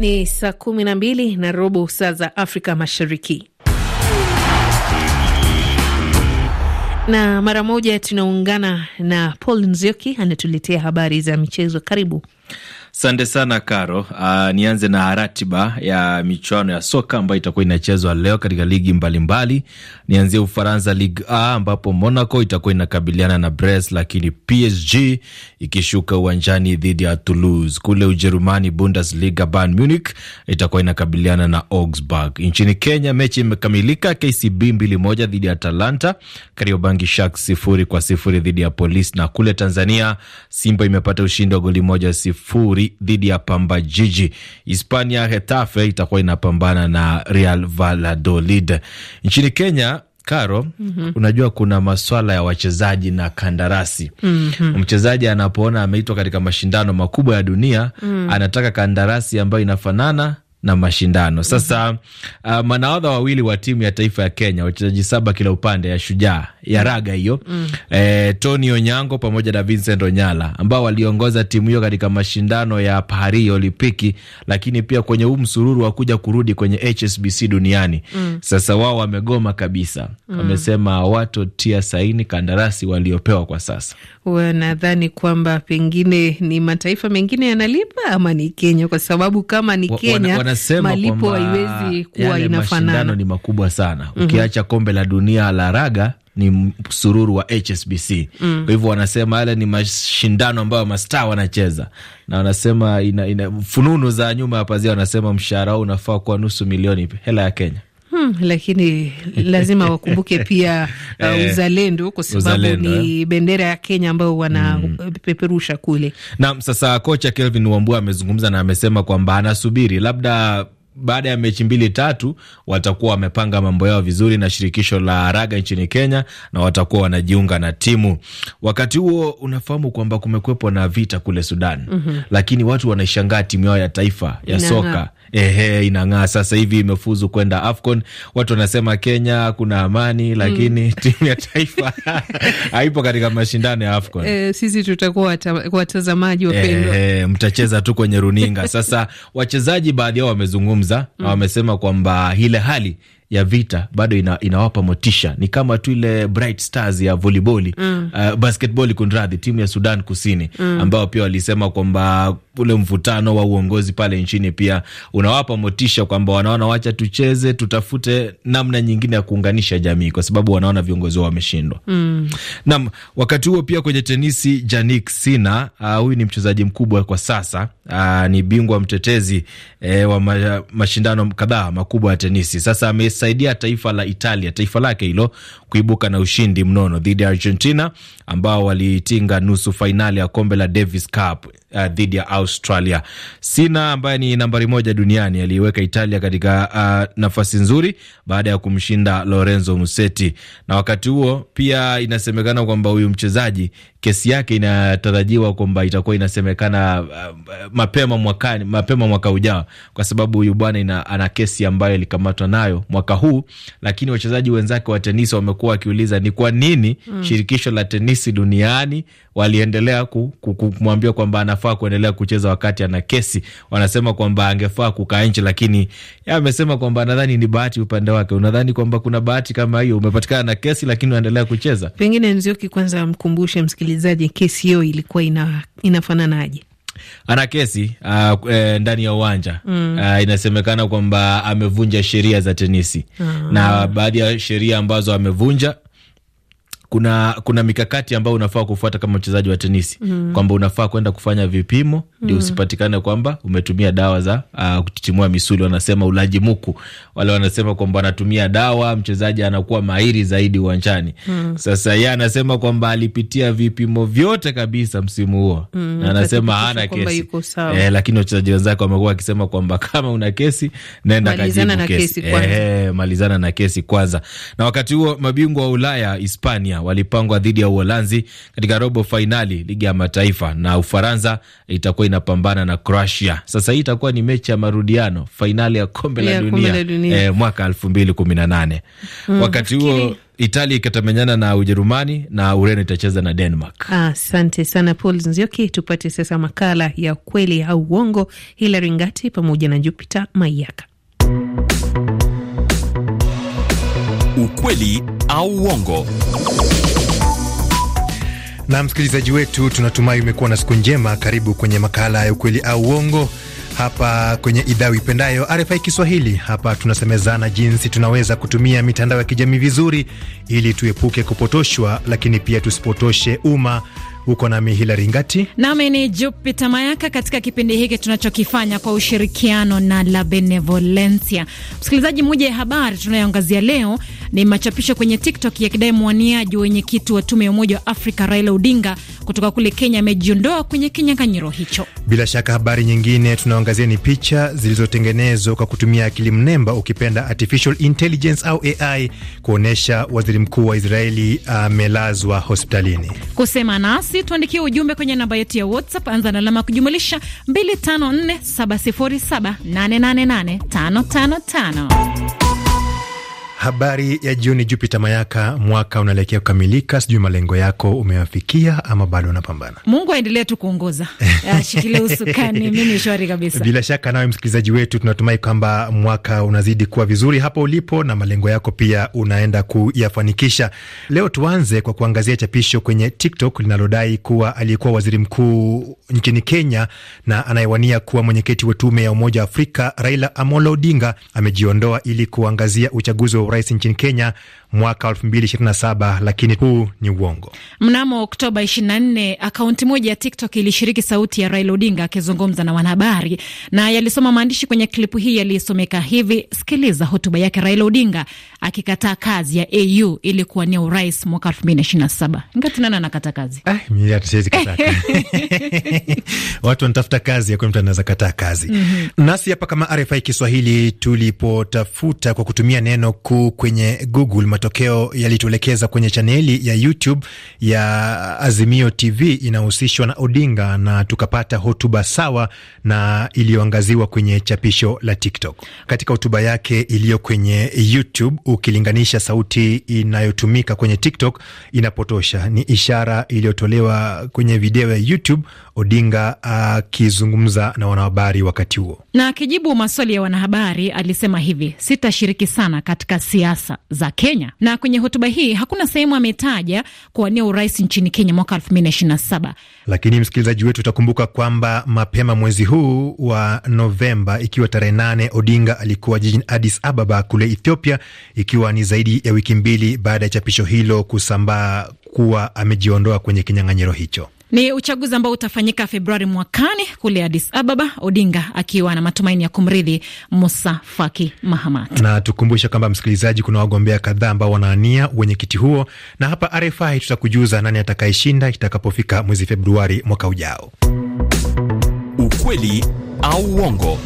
Ni saa kumi na mbili na robo saa za Afrika Mashariki. Na mara moja tunaungana na Paul Nzioki anatuletea habari za michezo. Karibu. Sante sana Karo. Uh, ah, nianze na ratiba ya michuano ya soka ambayo itakuwa inachezwa leo katika ligi mbalimbali. Nianzie Ufaransa, Ligue A ambapo Monaco itakuwa inakabiliana na Brest, lakini PSG ikishuka uwanjani dhidi ya Toulouse. Kule Ujerumani, Bundesliga, Bayern Munich itakuwa inakabiliana na Augsburg. Nchini Kenya mechi imekamilika, KCB mbili moja dhidi ya Atalanta, Kariobangi Sharks sifuri kwa sifuri dhidi ya polis na kule Tanzania Simba imepata ushindi wa goli moja sifuri dhidi ya Pamba Jiji. Hispania, Hetafe itakuwa inapambana na Real Valladolid. Nchini Kenya, Karo, mm -hmm. Unajua kuna maswala ya wachezaji na kandarasi. mm -hmm. Mchezaji anapoona ameitwa katika mashindano makubwa ya dunia, mm -hmm. anataka kandarasi ambayo inafanana na mashindano. Sasa uh, manahodha wawili wa timu ya taifa ya Kenya, wachezaji saba kila upande ya Shujaa ya raga hiyo mm. eh, Tony Onyango pamoja na Vincent Onyala ambao waliongoza timu hiyo katika mashindano ya Paris Olimpiki, lakini pia kwenye huu msururu wa kuja kurudi kwenye HSBC duniani mm. Sasa wao wamegoma kabisa mm. Wamesema watotia saini kandarasi waliopewa kwa sasa. Wanadhani kwamba pengine ni mataifa mengine yanalipa ama ni Kenya, kwa sababu kama ni Kenya wanasema malipo haiwezi kuwa inafanana. Mashindano ni makubwa sana mm -hmm. Ukiacha kombe la dunia la raga ni msururu wa HSBC mm. Kwa hivyo wanasema yale ni mashindano ambayo mastaa wanacheza na wanasema ina, ina fununu za nyuma ya pazia, wanasema mshahara wao unafaa kuwa nusu milioni hela ya Kenya. Hmm, lakini lazima wakumbuke pia uh, eh, uzalendo kwa sababu ni eh. bendera ya Kenya ambayo wanapeperusha hmm, kule. Naam, sasa kocha Kelvin Wambua amezungumza na amesema kwamba anasubiri labda baada ya mechi mbili tatu watakuwa wamepanga mambo yao vizuri na shirikisho la raga nchini Kenya, na watakuwa wanajiunga na timu. Wakati huo unafahamu kwamba kumekwepo na vita kule Sudan, mm -hmm. lakini watu wanaishangaa timu yao ya taifa ya Inaha. soka ehe, inang'aa sasa hivi, imefuzu kwenda AFCON. Watu wanasema Kenya kuna amani, lakini mm. timu ya taifa haipo katika mashindano ya AFCON. E, sisi tutakuwa watazamaji wapendwa. E, mtacheza tu kwenye runinga. Sasa wachezaji baadhi yao wamezungumza mm. na wamesema kwamba ile hali ya vita bado ina, inawapa motisha. Ni kama tu ile Bright Stars ya voliboli mm. uh, basketball kunradhi, timu ya Sudan Kusini mm. ambao pia walisema kwamba ule mvutano wa uongozi pale nchini pia unawapa motisha kwamba wanaona, wacha tucheze, tutafute namna nyingine ya kuunganisha jamii, kwa sababu wanaona viongozi wao wameshindwa. Mm. Naam, wakati huo pia kwenye tenisi, Jannik Sinner ah, huyu ni mchezaji mkubwa kwa sasa uh, ni bingwa mtetezi eh, wa ma, mashindano kadhaa makubwa ya tenisi. Sasa amesaidia taifa la Italia, taifa lake hilo kuibuka na ushindi mnono dhidi ya Argentina ambao waliitinga nusu fainali ya kombe la Davis Cup uh, dhidi ya Australia. Sina ambaye ni nambari moja duniani aliiweka Italia katika uh, nafasi nzuri baada ya kumshinda Lorenzo Musetti, na wakati huo pia inasemekana kwamba huyu mchezaji kesi yake inatarajiwa kwamba itakuwa inasemekana uh, mapema mwakani, mapema mwaka ujao, kwa sababu huyu bwana ana kesi ambayo ilikamatwa nayo mwaka huu. Lakini wachezaji wenzake wa tenisi wamekuwa wakiuliza ni kwa nini mm. shirikisho la tenisi duniani waliendelea kumwambia kwamba anafaa kuendelea kucheza wakati ana kesi. Wanasema kwamba angefaa kukaa nchi, lakini amesema kwamba nadhani ni bahati upande wake. Unadhani kwamba kuna bahati kama hiyo, umepatikana na kesi lakini unaendelea kucheza? Pengine Nzioki kwanza amkumbushe msikilizaji kesi hiyo ilikuwa ina, inafananaje? ana kesi uh, e, ndani ya uwanja mm. Uh, inasemekana kwamba amevunja sheria za tenisi mm. na baadhi ya sheria ambazo amevunja kuna kuna mikakati ambayo unafaa kufuata kama mchezaji wa tenisi mm. kwamba unafaa kwenda kufanya vipimo ndio mm. usipatikane kwamba umetumia dawa za uh, ah, kutitimua misuli, wanasema ulaji muku. Wale wanasema kwamba anatumia dawa, mchezaji anakuwa mahiri zaidi uwanjani mm. Sasa yeye anasema kwamba alipitia vipimo vyote kabisa msimu huo mm. na anasema hana kesi eh, lakini wachezaji wenzake wamekuwa wakisema kwamba kama una kesi nenda kajibu kesi, kesi eh, malizana na kesi kwanza. Na wakati huo mabingwa wa Ulaya Hispania walipangwa dhidi ya Uholanzi katika robo fainali ligi ya mataifa, na Ufaransa itakuwa inapambana na Croatia. Sasa hii itakuwa ni mechi ya marudiano fainali ya kombe la dunia, dunia. Eh, mwaka elfu mbili kumi na nane mm, wakati huo Italia ikatamenyana na Ujerumani na Ureno itacheza na Denmark. Asante ah, sana Paul Nzioki. Tupate sasa makala ya ukweli au uongo, Hilary Ngati pamoja na Jupiter Maiaka. Ukweli au uongo. Na msikilizaji wetu, tunatumai umekuwa na siku njema. Karibu kwenye makala ya ukweli au uongo hapa kwenye idhaa ipendayo RFI Kiswahili. Hapa tunasemezana jinsi tunaweza kutumia mitandao ya kijamii vizuri, ili tuepuke kupotoshwa, lakini pia tusipotoshe umma Uko nami Hilari Ngati nami ni Jupita Mayaka katika kipindi hiki tunachokifanya kwa ushirikiano na La Benevolencia. Msikilizaji, moja ya habari tunayoangazia leo ni machapisho kwenye TikTok yakidai mwaniaji wa wenyekiti wa tume ya Umoja wa Afrika Raila Odinga kutoka kule Kenya amejiondoa kwenye kinyang'anyiro hicho. Bila shaka, habari nyingine tunayoangazia ni picha zilizotengenezwa kwa kutumia akili mnemba, ukipenda artificial intelligence au AI, kuonyesha waziri mkuu wa Israeli amelazwa hospitalini. Kusema nasi nasi, tuandikie ujumbe kwenye namba yetu ya WhatsApp, anza na alama kujumulisha 555 Habari ya jioni, Jupiter Mayaka. Mwaka unaelekea kukamilika, sijui malengo yako umewafikia ama bado unapambana? Mungu aendelee tu kuongoza, ashikilie usukani, mi ni shwari kabisa. Bila shaka, nawe msikilizaji wetu, tunatumai kwamba mwaka unazidi kuwa vizuri hapo ulipo na malengo yako pia unaenda kuyafanikisha. Leo tuanze kwa kuangazia chapisho kwenye TikTok linalodai kuwa aliyekuwa waziri mkuu nchini Kenya na anayewania kuwa mwenyekiti wa tume ya Umoja wa Afrika Raila Amolo Odinga amejiondoa ili kuangazia uchaguzi wa urais nchini Kenya mwaka 2027 lakini huu ni uongo. Mnamo Oktoba 24 akaunti moja ya TikTok ilishiriki sauti ya Raila Odinga akizungumza na wanahabari na yalisoma maandishi kwenye klipu hii yaliyosomeka hivi. Sikiliza hotuba yake Raila Odinga akikataa kazi ya AU ili kuwania urais mwaka 2027. Ngati nana anakata kazi. Ah, mimi hatuwezi kataa. Watu wanatafuta kazi, hakuna mtu anaweza kataa kazi. Mm -hmm. Nasi hapa kama RFI Kiswahili tulipotafuta kwa kutumia neno ku huu kwenye Google, matokeo yalituelekeza kwenye chaneli ya YouTube ya Azimio TV inahusishwa na Odinga, na tukapata hotuba sawa na iliyoangaziwa kwenye chapisho la TikTok. Katika hotuba yake iliyo kwenye YouTube, ukilinganisha sauti inayotumika kwenye TikTok inapotosha. Ni ishara iliyotolewa kwenye video ya YouTube, Odinga akizungumza na wanahabari wakati huo, na akijibu maswali ya wanahabari alisema hivi: sitashiriki sana katika siasa za Kenya. Na kwenye hotuba hii hakuna sehemu ametaja kuwania urais nchini Kenya mwaka 2027. Lakini msikilizaji wetu utakumbuka kwamba mapema mwezi huu wa Novemba, ikiwa tarehe 8, Odinga alikuwa jijini Addis Ababa kule Ethiopia, ikiwa ni zaidi ya wiki mbili baada ya chapisho hilo kusambaa kuwa amejiondoa kwenye kinyang'anyiro hicho. Ni uchaguzi ambao utafanyika Februari mwakani kule Addis Ababa, Odinga akiwa na matumaini ya kumrithi Musa Faki Mahamat. Na tukumbushe kwamba msikilizaji, kuna wagombea kadhaa ambao wanaania wenyekiti huo, na hapa RFI tutakujuza nani atakayeshinda itakapofika mwezi Februari mwaka ujao. Ukweli au uongo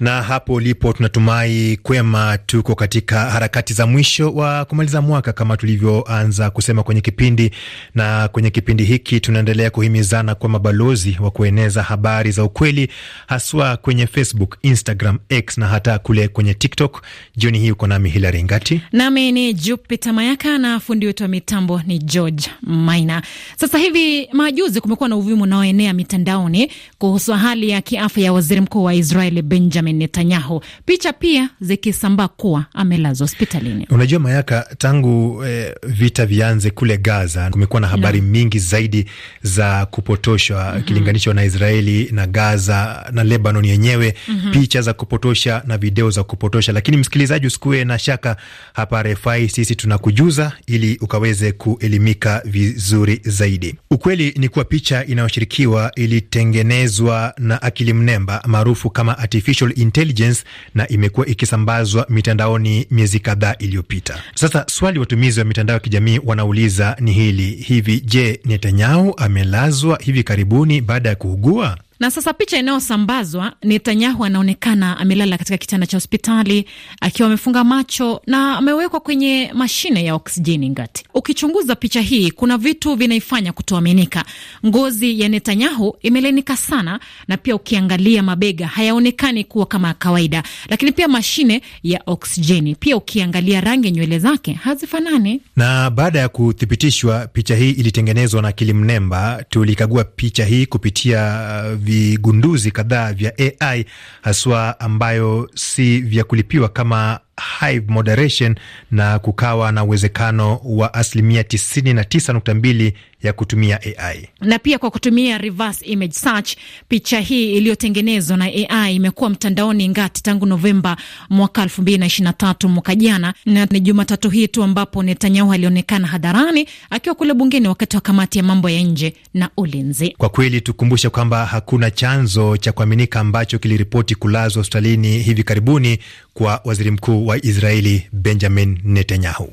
Na hapo ulipo, tunatumai kwema, tuko katika harakati za mwisho wa kumaliza mwaka kama tulivyoanza kusema kwenye kipindi, na kwenye kipindi hiki tunaendelea kuhimizana kwa mabalozi wa kueneza habari za ukweli, haswa kwenye Facebook, Instagram, X na hata kule kwenye TikTok. Jioni hii uko nami Hilary Ngati, nami ni Jupita Mayaka na fundi wetu wa mitambo ni George Maina. Sasa hivi majuzi kumekuwa na uvumi unaoenea mitandaoni kuhusu hali ya kiafya ya waziri mkuu wa Israeli Benjamin Benjamin Netanyahu, picha pia zikisambaa kuwa amelazwa hospitalini. Unajua Mayaka, tangu eh, vita vianze kule Gaza kumekuwa na habari no. mingi zaidi za kupotoshwa mm -hmm. kilinganishwa na Israeli na Gaza na Lebanon yenyewe mm -hmm. picha za kupotosha na video za kupotosha, lakini msikilizaji, usikuwe na shaka hapa RFI sisi tunakujuza ili ukaweze kuelimika vizuri zaidi. Ukweli ni kuwa picha inayoshirikiwa ilitengenezwa na akili mnemba maarufu kama artificial intelligence na imekuwa ikisambazwa mitandaoni miezi kadhaa iliyopita. Sasa swali watumizi wa mitandao ya kijamii wanauliza ni hili hivi: je, Netanyahu amelazwa hivi karibuni baada ya kuugua? Na sasa picha inayosambazwa, Netanyahu anaonekana amelala katika kitanda cha hospitali akiwa amefunga macho na amewekwa kwenye mashine ya oksijeni ngati. Ukichunguza picha hii, kuna vitu vinaifanya kutoaminika. Ngozi ya Netanyahu imelainika sana, na pia ukiangalia mabega hayaonekani kuwa kama kawaida, lakini pia mashine ya oksijeni. Pia ukiangalia rangi nywele zake hazifanani. Na baada ya kuthibitishwa picha hii ilitengenezwa na kilimnemba. tulikagua picha hii kupitia uh, vigunduzi kadhaa vya AI haswa ambayo si vya kulipiwa kama Hive moderation na kukawa na uwezekano wa asilimia 99.2 ya kutumia AI na pia kwa kutumia reverse image search. Picha hii iliyotengenezwa na AI imekuwa mtandaoni ngati tangu Novemba mwaka 2023 mwaka jana, na ni Jumatatu hii tu ambapo Netanyahu alionekana hadharani akiwa kule bungeni wakati wa kamati ya mambo ya nje na ulinzi. Kwa kweli tukumbushe kwamba hakuna chanzo cha kuaminika ambacho kiliripoti kulazwa hospitalini hivi karibuni kwa waziri mkuu wa Israeli Benjamin Netanyahu.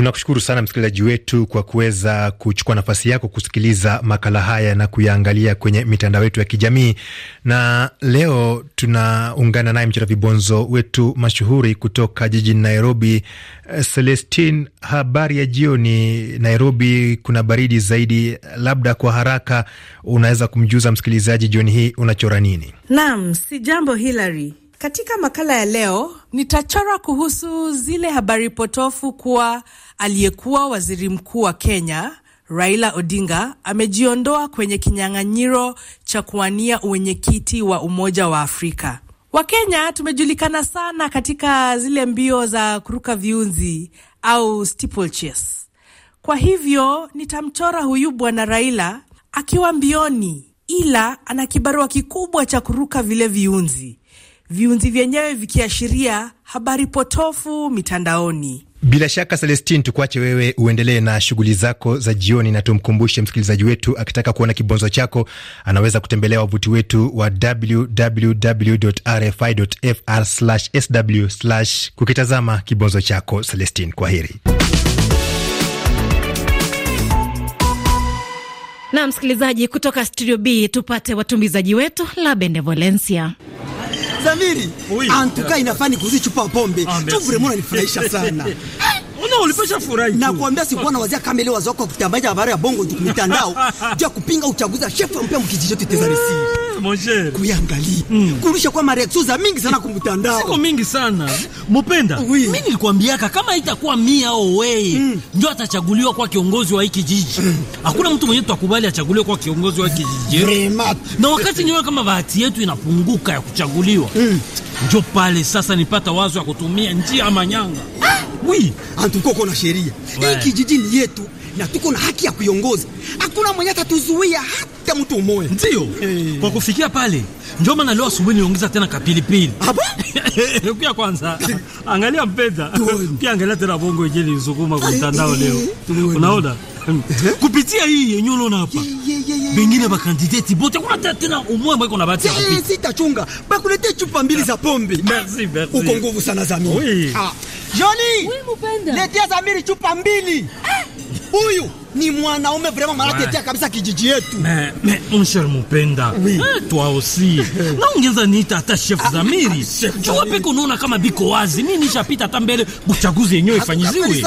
Tunakushukuru sana msikilizaji wetu kwa kuweza kuchukua nafasi yako kusikiliza makala haya na kuyaangalia kwenye mitandao yetu ya kijamii. Na leo tunaungana naye mchora vibonzo wetu mashuhuri kutoka jijini Nairobi, eh, Celestin. Habari ya jioni Nairobi, kuna baridi zaidi. Labda kwa haraka unaweza kumjuza msikilizaji jioni hii unachora nini? Naam, si jambo Hilary katika makala ya leo nitachora kuhusu zile habari potofu kuwa aliyekuwa waziri mkuu wa Kenya Raila Odinga amejiondoa kwenye kinyang'anyiro cha kuwania uwenyekiti wa Umoja wa Afrika. Wakenya tumejulikana sana katika zile mbio za kuruka viunzi au steeplechase. Kwa hivyo nitamchora huyu bwana Raila akiwa mbioni, ila ana kibarua kikubwa cha kuruka vile viunzi viunzi vyenyewe vikiashiria habari potofu mitandaoni. Bila shaka Celestin, tukuache wewe uendelee na shughuli zako za jioni, na tumkumbushe msikilizaji wetu akitaka kuona kibonzo chako anaweza kutembelea wavuti wetu wa www.rfi.fr/sw kukitazama kibonzo chako. Celestin, kwa heri. Na msikilizaji kutoka studio B tupate watumbizaji wetu la Benevolencia. Zamiri, antuka inafani kuzi chupa pombe. Ah, Tuvure mwana nifurahisha sana. Una oh ulipesha furahi. Na kuambia kwa na wazia kama ile kutambaja habari ya bongo juu mitandao, kupinga uchaguzi wa shefu mpya mkijiji chote Tezaresi kuyangalia mm. kurusha kwa mareaksio za mingi sana kumtandao, siko mingi sana mupenda oui. Mimi nilikwambiaka kama itakuwa mia au oh, wewe mm. ndio atachaguliwa kwa kiongozi wa hiki jiji hmm. Hakuna mtu mwenye twakubali achaguliwe kwa kiongozi wa hiki jiji, na wakati nyewe kama bahati yetu inapunguka ya kuchaguliwa mm. Njo pale sasa nipata wazo ya kutumia njia manyanga ah. oui. Antukoko na sheria hiki jiji ni yetu na tuko na haki ya kuiongoza. Hakuna mwenye atatuzuia hata mtu mmoja, ndio hey. Eh. Kwa kufikia pale, ndio maana leo asubuhi niongeza tena kapilipili hapa kwanza. Angalia mpenda pia, angalia tena bongo yenyewe lisukuma kwa eh, mtandao eh, leo, unaona kupitia hii yenyewe unaona hapa bengine bakandideti bote kuna tena umoja mweko na bahati ya kupita. Sitachunga bakulete chupa mbili za pombe. Merci, merci. Uko nguvu sana Zamiri. Oui. Ah. Johnny. Oui, mpenda. Letea Zamiri chupa mbili. Ah. Huyu ni mwanaume vraiment manatetea kabisa kijiji yetu. Mais mais mon cher Mupenda, oui. Eh, toi aussi. Na ungeza niita hata chef ah, Zamiri. Kwa ah, peko unaona kama biko wazi. Mimi nishapita hata mbele buchaguzi yenyewe ah, ifanyiziwe.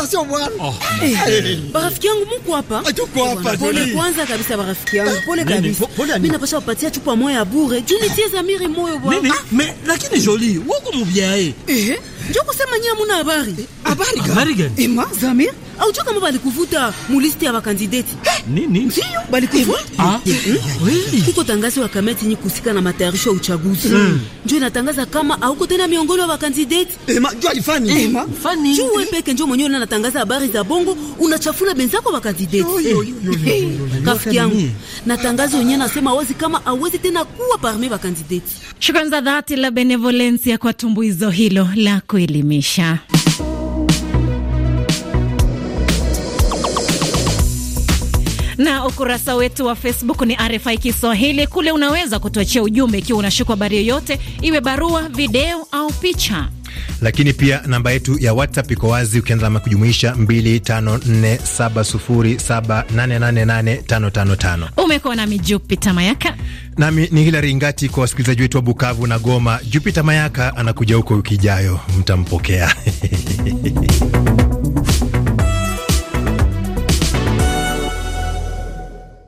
Oh. Eh. Eh. eh, barafiki yangu mko hapa? Tuko hapa. Pole kwanza kabisa barafiki yangu. Pole kabisa. Mimi napaswa kupatia chupa moyo ya bure. Juni tie Zamiri moyo bwana. Mimi mais lakini joli wako mubiaye. Eh. Ndio kusema nyinyi hamna habari. Eh, habari gani? Ema Zamiri au Aucho kama balikuvuta mulisti ya bakandideti eh, nini? Ndio balikuvuta ah. hmm? Kuko tangazo ya kamati yenye kusika na matayarisho ya uchaguzi mm. Ndio inatangaza kama hauko tena miongoni wa bakandideti. Ema jua ifani Ema fani jua peke ndio mwenyewe anatangaza habari za bongo, unachafula benzako wa bakandideti. Rafiki yangu na tangazo yenyewe nasema wazi kama awezi tena kuwa parmi bakandideti. Shukrani za dhati la benevolencia kwa tumbuizo hilo la kuelimisha. na ukurasa wetu wa Facebook ni RFI Kiswahili. Kule unaweza kutuachia ujumbe ikiwa unashuku habari yoyote, iwe barua, video au picha lakini pia namba yetu ya WhatsApp iko wazi, ukianza na kujumuisha 254707888555. Umekuwa nami Jupita Mayaka, nami ni Hilari Ngati. Kwa wasikilizaji wetu wa Bukavu na Goma, Jupita Mayaka anakuja huko wiki ijayo, mtampokea